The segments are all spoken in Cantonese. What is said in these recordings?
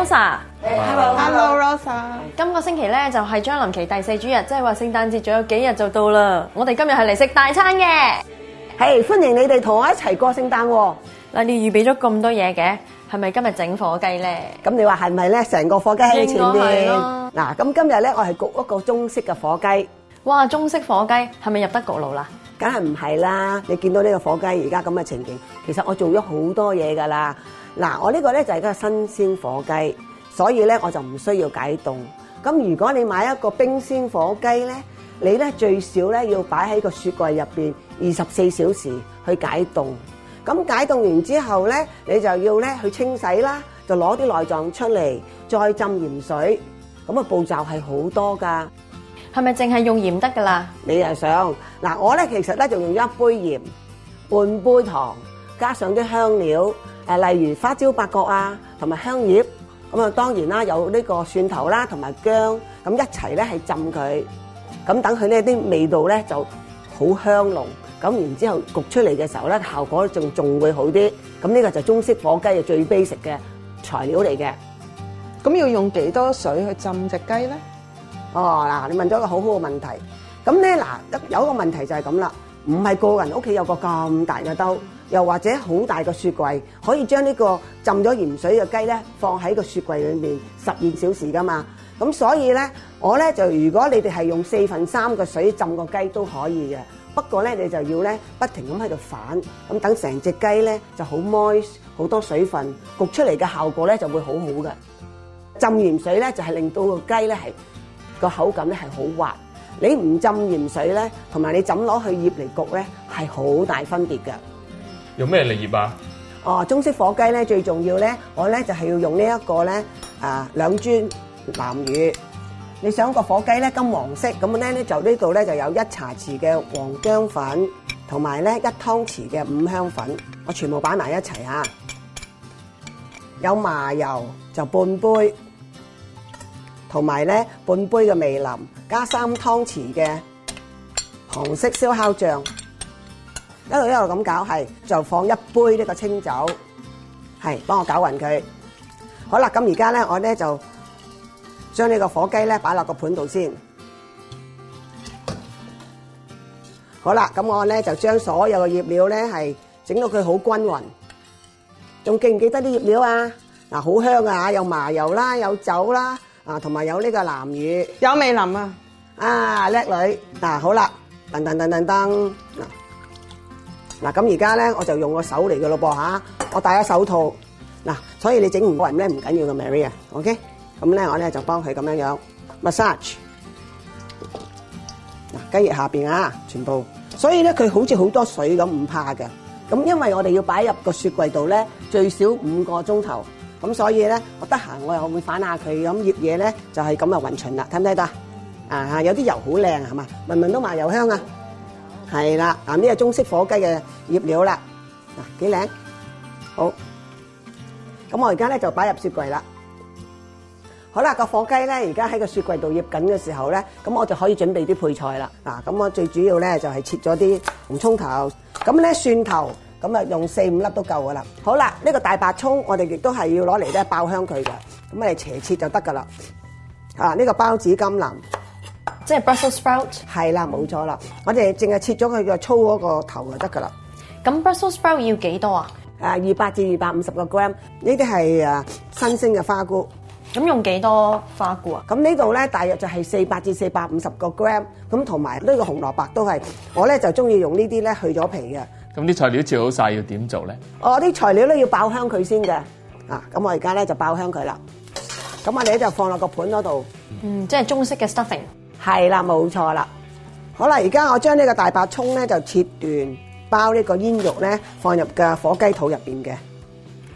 Rosa，hello hello Rosa，今個星期咧就係將臨期第四主日，即係話聖誕節仲有幾日就到啦。我哋今日係嚟食大餐嘅，係歡迎你哋同我一齊過聖誕。嗱，你預備咗咁多嘢嘅，係咪今日整火雞咧？咁你話係咪咧？成個火雞喺你前邊。嗱，咁今日咧我係焗一個中式嘅火雞。哇，中式火雞係咪入得焗爐啦？梗係唔係啦！你見到呢個火雞而家咁嘅情景，其實我做咗好多嘢噶啦。嗱，我呢個呢就係個新鮮火雞，所以呢我就唔需要解凍。咁如果你買一個冰鮮火雞呢，你呢最少呢要擺喺個雪櫃入邊二十四小時去解凍。咁解凍完之後呢，你就要呢去清洗啦，就攞啲內臟出嚟，再浸鹽水。咁，個步驟係好多噶。係咪淨係用鹽得噶啦？你又想嗱？我咧其實咧仲用咗一杯鹽、半杯糖，加上啲香料，誒，例如花椒、八角啊，同埋香葉。咁啊，當然啦，有呢個蒜頭啦，同埋薑，咁一齊咧係浸佢。咁等佢咧啲味道咧就好香濃。咁然之後焗出嚟嘅時候咧，效果仲仲會好啲。咁呢個就中式火雞嘅最 basic 嘅材料嚟嘅。咁要用幾多水去浸隻雞咧？哦，嗱，你問咗一個好好嘅問題，咁咧嗱，有一個問題就係咁啦，唔係個人屋企有個咁大嘅兜，又或者好大個雪櫃，可以將呢個浸咗鹽水嘅雞咧放喺個雪櫃裏面十二小時噶嘛，咁所以咧，我咧就如果你哋係用四分三嘅水浸個雞都可以嘅，不過咧你就要咧不停咁喺度反，咁等成隻雞咧就好 moist 好多水分焗出嚟嘅效果咧就會好好嘅，浸鹽水咧就係令到個雞咧係。個口感咧係好滑，你唔浸鹽水咧，同埋你怎攞去醃嚟焗咧，係好大分別嘅。用咩嚟醃啊？哦，中式火雞咧最重要咧，我咧就係要用呢一個咧啊兩磚南乳。你想個火雞咧金黃色咁咧咧，就呢度咧就有一茶匙嘅黃薑粉，同埋咧一湯匙嘅五香粉，我全部擺埋一齊嚇。有麻油就半杯。同埋咧半杯嘅味淋，加三湯匙嘅紅色燒烤醬，一路一路咁搞，係就放一杯呢個清酒，係幫我攪勻佢。好啦，咁而家咧，我咧就將呢個火雞咧擺落個盤度先。好啦，咁我咧就將所有嘅醃料咧係整到佢好均勻。仲記唔記得啲醃料啊？嗱，好香啊，有麻油啦，有酒啦。啊，同埋有呢個南乳，有味淋啊，啊叻女，嗱好啦，噔噔噔噔噔，嗱嗱咁而家咧，我就用個手嚟噶咯噃吓，我戴咗手套，嗱，所以你整唔過人咧唔緊要嘅，Maria，OK，咁咧我咧就幫佢咁樣樣 massage，嗱雞翼下邊啊，全部，所以咧佢好似好多水咁唔怕嘅，咁因為我哋要擺入個雪櫃度咧最少五個鐘頭。咁所以咧，我得閒我又會反下佢咁醃嘢咧，就係咁啊混勻啦，睇唔睇得啊？啊，有啲油好靚啊，係嘛，聞聞都麻油香啊，係啦。嗱，呢個中式火雞嘅醃料啦，嗱幾靚，好。咁我而家咧就擺入雪櫃啦。好啦，個火雞咧而家喺個雪櫃度醃緊嘅時候咧，咁我就可以準備啲配菜啦。嗱，咁我最主要咧就係切咗啲紅葱頭，咁咧蒜頭。咁啊，用四五粒都夠噶啦。好啦，呢個大白葱我哋亦都係要攞嚟咧爆香佢嘅，咁嚟斜切就得噶啦。啊，呢個包子甘藍，即係 Brussels sprout，係啦，冇錯啦。我哋淨係切咗佢個粗嗰個頭就得噶啦。咁 Brussels sprout 要幾多啊？誒，二百至二百五十個 gram。呢啲係誒新鮮嘅花菇。咁用幾多花菇啊？咁呢度咧，大約就係四百至四百五十個 gram。咁同埋呢個紅蘿蔔都係，我咧就中意用呢啲咧去咗皮嘅。咁啲材料切好晒，要點做咧？哦，啲材料咧要爆香佢先嘅，啊，咁我而家咧就爆香佢啦。咁我哋咧就放落個盤嗰度，嗯，即係中式嘅 stuffing，係啦，冇錯啦。好啦，而家我將呢個大白葱咧就切段，包呢個煙肉咧放入個火雞肚入邊嘅，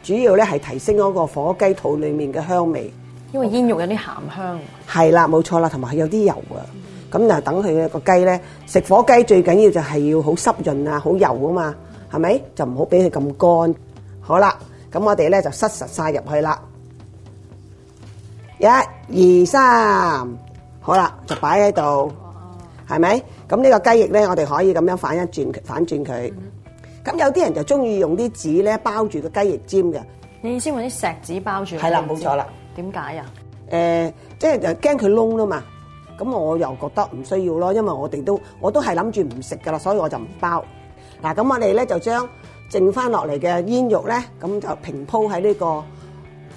主要咧係提升嗰個火雞肚裏面嘅香味，因為煙肉有啲鹹香，係啦，冇錯啦，同埋係有啲油啊。咁就等佢嘅個雞咧，食火雞最緊要就係要好濕潤啊，好油啊嘛，係咪？就唔好俾佢咁乾。好啦，咁我哋咧就塞實晒入去啦。一二三，好啦，就擺喺度，係咪？咁呢個雞翼咧，我哋可以咁樣反一轉，反轉佢。咁有啲人就中意用啲紙咧包住個雞翼尖嘅。你意思話啲錫紙包住？係啦，冇錯啦。點解啊？誒，即係就驚佢燶啦嘛。咁我又覺得唔需要咯，因為我哋都我都係諗住唔食噶啦，所以我就唔包。嗱，咁我哋咧就將剩翻落嚟嘅煙肉咧，咁就平鋪喺呢個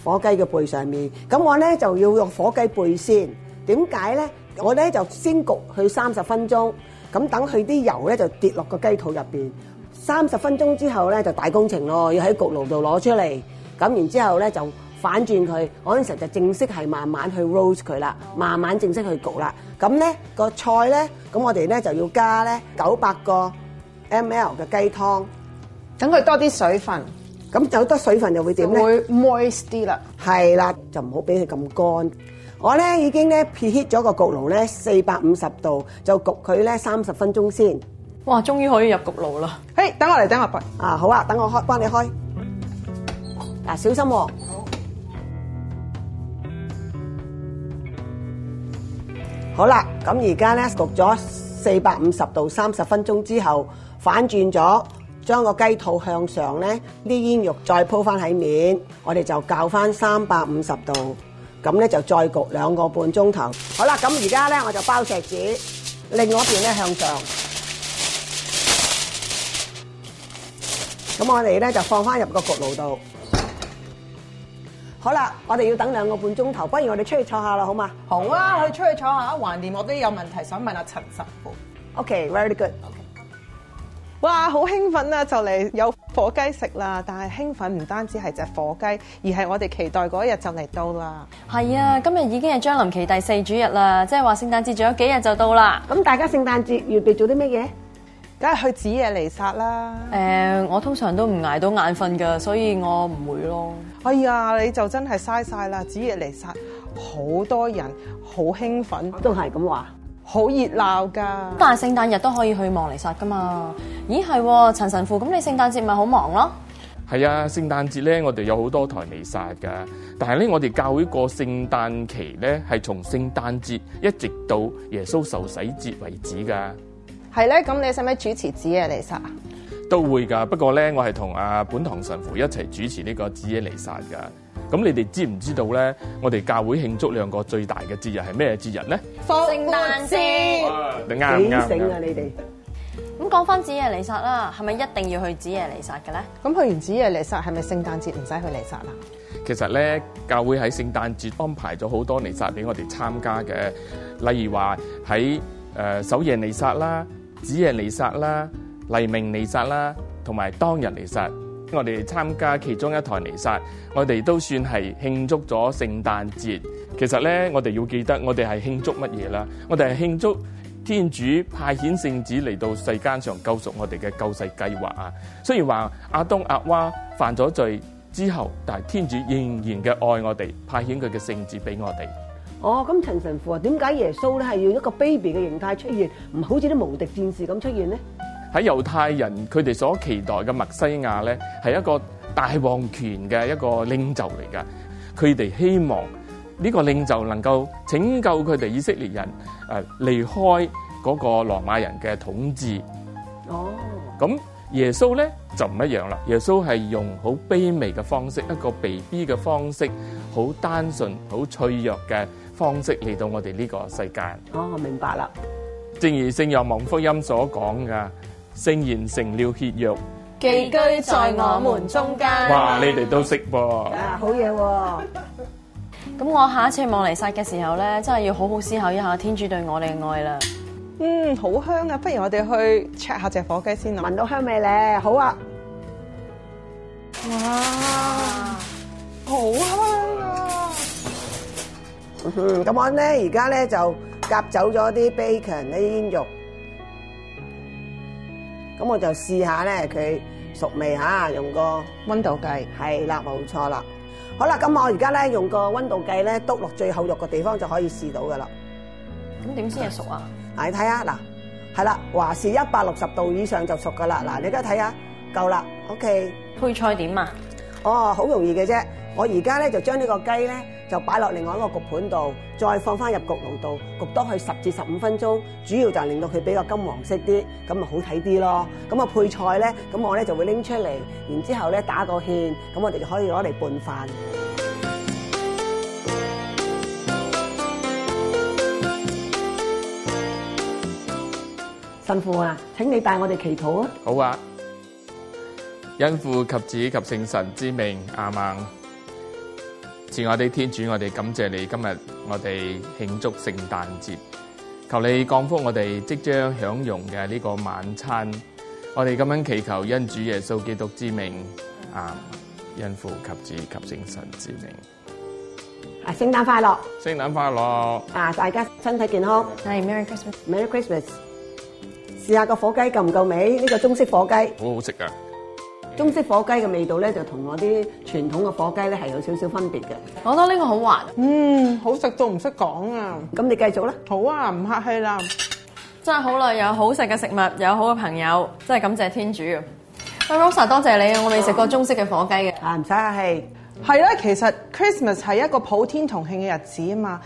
火雞嘅背上面。咁我咧就要用火雞背先，點解咧？我咧就先焗佢三十分鐘，咁等佢啲油咧就跌落個雞肚入邊。三十分鐘之後咧就大工程咯，要喺焗爐度攞出嚟。咁然之後咧就。反轉佢，我嗰陣時就正式係慢慢去 roast 佢啦，慢慢正式去焗啦。咁咧個菜咧，咁我哋咧就要加咧九百個 ml 嘅雞湯，等佢多啲水分。咁有多水分又會點咧？會 moist 啲啦。係啦，就唔好俾佢咁乾。我咧已經咧 preheat 咗個焗爐咧四百五十度，就焗佢咧三十分鐘先。哇，終於可以入焗爐啦！誒，等我嚟等我啊！好啊，等我開，幫你開。嗱，小心。好啦，咁而家咧焗咗四百五十度三十分鐘之後，反轉咗，將個雞肚向上咧，啲煙肉再鋪翻喺面，我哋就較翻三百五十度，咁咧就再焗兩個半鐘頭。好啦，咁而家咧我就包錫紙，另外一邊咧向上，咁我哋咧就放翻入個焗爐度。好啦，我哋要等兩個半鐘頭，不如我哋出去坐下啦，好嘛？好啊，去出去坐下。懷念、啊啊、我都有問題想問阿、啊、陳師傅。OK，very、okay, good。OK，哇，好興奮啊！就嚟有火雞食啦，但係興奮唔單止係隻火雞，而係我哋期待嗰日就嚟到啦。係啊，今日已經係將臨期第四主日啦，即係話聖誕節仲有幾日就到啦。咁大家聖誕節預備做啲乜嘢？梗係去子夜彌撒啦！誒、呃，我通常都唔挨到眼瞓噶，所以我唔會咯。哎呀，你就真係嘥晒啦！子夜彌撒好多人，好興奮，都係咁話，好熱鬧噶。但係聖誕日都可以去望彌撒噶嘛？咦，係，陳神父，咁你聖誕節咪好忙咯？係啊，聖誕節咧，我哋有好多台彌撒噶。但係咧，我哋教會過聖誕期咧，係從聖誕節一直到耶穌受洗節為止噶。係咧，咁你使唔使主持子夜彌撒？都會噶，不過咧，我係同阿本堂神父一齊主持呢個子夜彌撒噶。咁你哋知唔知道咧？我哋教會慶祝兩個最大嘅節日係咩節日咧？聖誕節。你啱唔啱啊？你哋咁講翻子夜彌撒啦，係咪一定要去子夜彌撒嘅咧？咁去完子夜彌撒，係咪聖誕節唔使去彌撒啊？其實咧，教會喺聖誕節安排咗好多彌撒俾我哋參加嘅，例如話喺誒守夜彌撒啦。子夜彌撒啦，黎明彌撒啦，同埋當日彌撒。我哋參加其中一台彌撒，我哋都算係慶祝咗聖誕節。其實呢，我哋要記得我，我哋係慶祝乜嘢啦？我哋係慶祝天主派遣聖子嚟到世間上救贖我哋嘅救世計劃啊。雖然話亞當亞娃犯咗罪之後，但係天主仍然嘅愛我哋，派遣佢嘅聖子俾我哋。哦，咁陳神父啊，點解耶穌咧係要一個 baby 嘅形態出現，唔好似啲無敵戰士咁出現咧？喺猶太人佢哋所期待嘅默西亞咧，係一個大王權嘅一個領袖嚟㗎。佢哋希望呢個領袖能夠拯救佢哋以色列人，誒離開嗰個羅馬人嘅統治。哦，咁耶穌咧就唔一樣啦。耶穌係用好卑微嘅方式，一個 baby 嘅方式，好單純、好脆弱嘅方式嚟到我哋呢個世界。哦，我明白啦。正如聖若望福音所講嘅，聖言成了血肉，寄居在我們中間。哇，你哋都識噃。啊，好嘢、哦。咁 我下一次望嚟晒嘅時候咧，真係要好好思考一下天主對我哋嘅愛啦。嗯，好香啊！不如我哋去 check 下隻火雞先啦，聞到香味咧，好啊。哇，啊、好香啊！咁、嗯、我咧而家咧就夾走咗啲 bacon 啲煙肉，咁我就試下咧佢熟未啊，用個温度計係啦，冇錯啦。好啦，咁我而家咧用個温度計咧篤落最厚肉嘅地方就可以試到噶啦。咁點先係熟啊？嗱，你睇下嗱，係啦，華氏一百六十度以上就熟噶啦。嗱，你而家睇下，夠啦。OK，配菜點啊？哦，好容易嘅啫。我而家咧就將呢個雞咧。就擺落另外一個焗盤度，再放翻入焗爐度焗多去十至十五分鐘，主要就係令到佢比較金黃色啲，咁咪好睇啲咯。咁啊配菜咧，咁我咧就會拎出嚟，然之後咧打個芡，咁我哋就可以攞嚟拌飯。神父啊，請你帶我哋祈禱啊！好啊，因父及子及聖神之名，阿門。賜我哋天主，我哋感謝你，今日我哋慶祝聖誕節，求你降福我哋即將享用嘅呢個晚餐。我哋咁樣祈求，因主耶穌基督之名啊，因父及子及聖神之名。啊，聖誕快樂！聖誕快樂！啊，大家身體健康。係，Merry Christmas，Merry Christmas。試下個火雞夠唔夠味？呢個中式火雞。好好食㗎。中式火雞嘅味道咧，就同我啲傳統嘅火雞咧係有少少分別嘅。我覺得呢個好滑，嗯，好食到唔識講啊！咁你繼續啦，好啊，唔客氣啦。真係好啦，有好食嘅食物，有好嘅朋友，真係感謝天主。阿 Rosa，多謝你啊，我未食過中式嘅火雞嘅。啊，唔使客氣。係啦、啊，其實 Christmas 係一個普天同慶嘅日子啊嘛，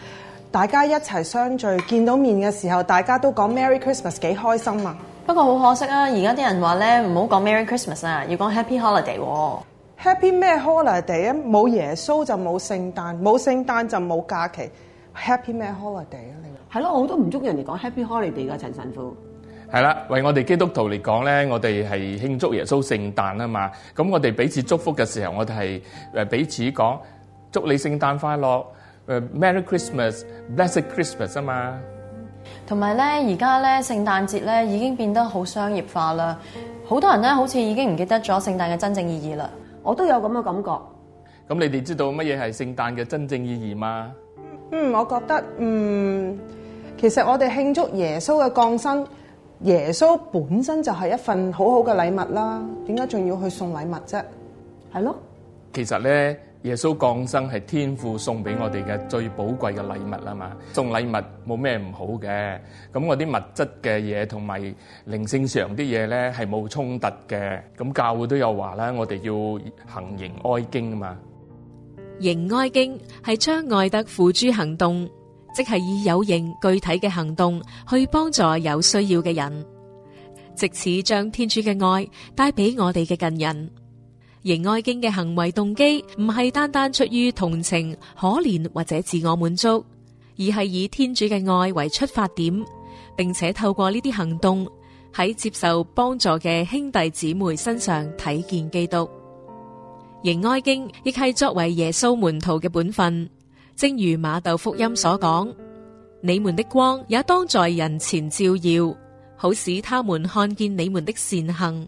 大家一齊相聚，見到面嘅時候，大家都講 Merry Christmas，幾開心啊！不過好可惜啊！而家啲人話咧唔好講 Merry Christmas 啊，要講 Happy Holiday。Happy 咩 Holiday？冇耶穌就冇聖誕，冇聖誕就冇假期。Happy 咩 Holiday 啊？你係咯，我都唔中意人哋講 Happy Holiday 噶陳神父。係啦，為我哋基督徒嚟講咧，我哋係慶祝耶穌聖誕啊嘛。咁我哋彼此祝福嘅時候，我哋係誒彼此講祝你聖誕快樂。誒，Merry Christmas，Blessed Christmas 啊嘛。同埋咧，而家咧，聖誕節咧已經變得好商業化啦，好多人咧好似已經唔記得咗聖誕嘅真正意義啦。我都有咁嘅感覺。咁你哋知道乜嘢係聖誕嘅真正意義嗎？嗯，我覺得，嗯，其實我哋慶祝耶穌嘅降生，耶穌本身就係一份好好嘅禮物啦。點解仲要去送禮物啫？係咯的。其實咧。耶穌降生係天父送俾我哋嘅最寶貴嘅禮物啊嘛，送禮物冇咩唔好嘅，咁嗰啲物質嘅嘢同埋靈性上啲嘢咧係冇衝突嘅，咁教會都有話啦，我哋要行哀矜啊嘛，哀矜係將愛德付諸行動，即係以有形具體嘅行動去幫助有需要嘅人，藉此將天主嘅愛帶俾我哋嘅近人。迎愛經嘅行為動機唔係單單出於同情、可憐或者自我滿足，而係以天主嘅愛為出發點，並且透過呢啲行動喺接受幫助嘅兄弟姊妹身上睇見基督。形哀矜亦係作為耶穌門徒嘅本分，正如瑪竇福音所講：你們的光也當在人前照耀，好使他們看見你們的善行。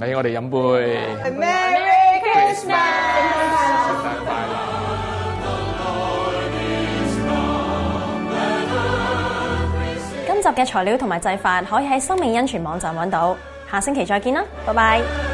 嚟，我哋飲杯。今集嘅材料同埋製法可以喺生命恩泉網站揾到，下星期再見啦，拜拜。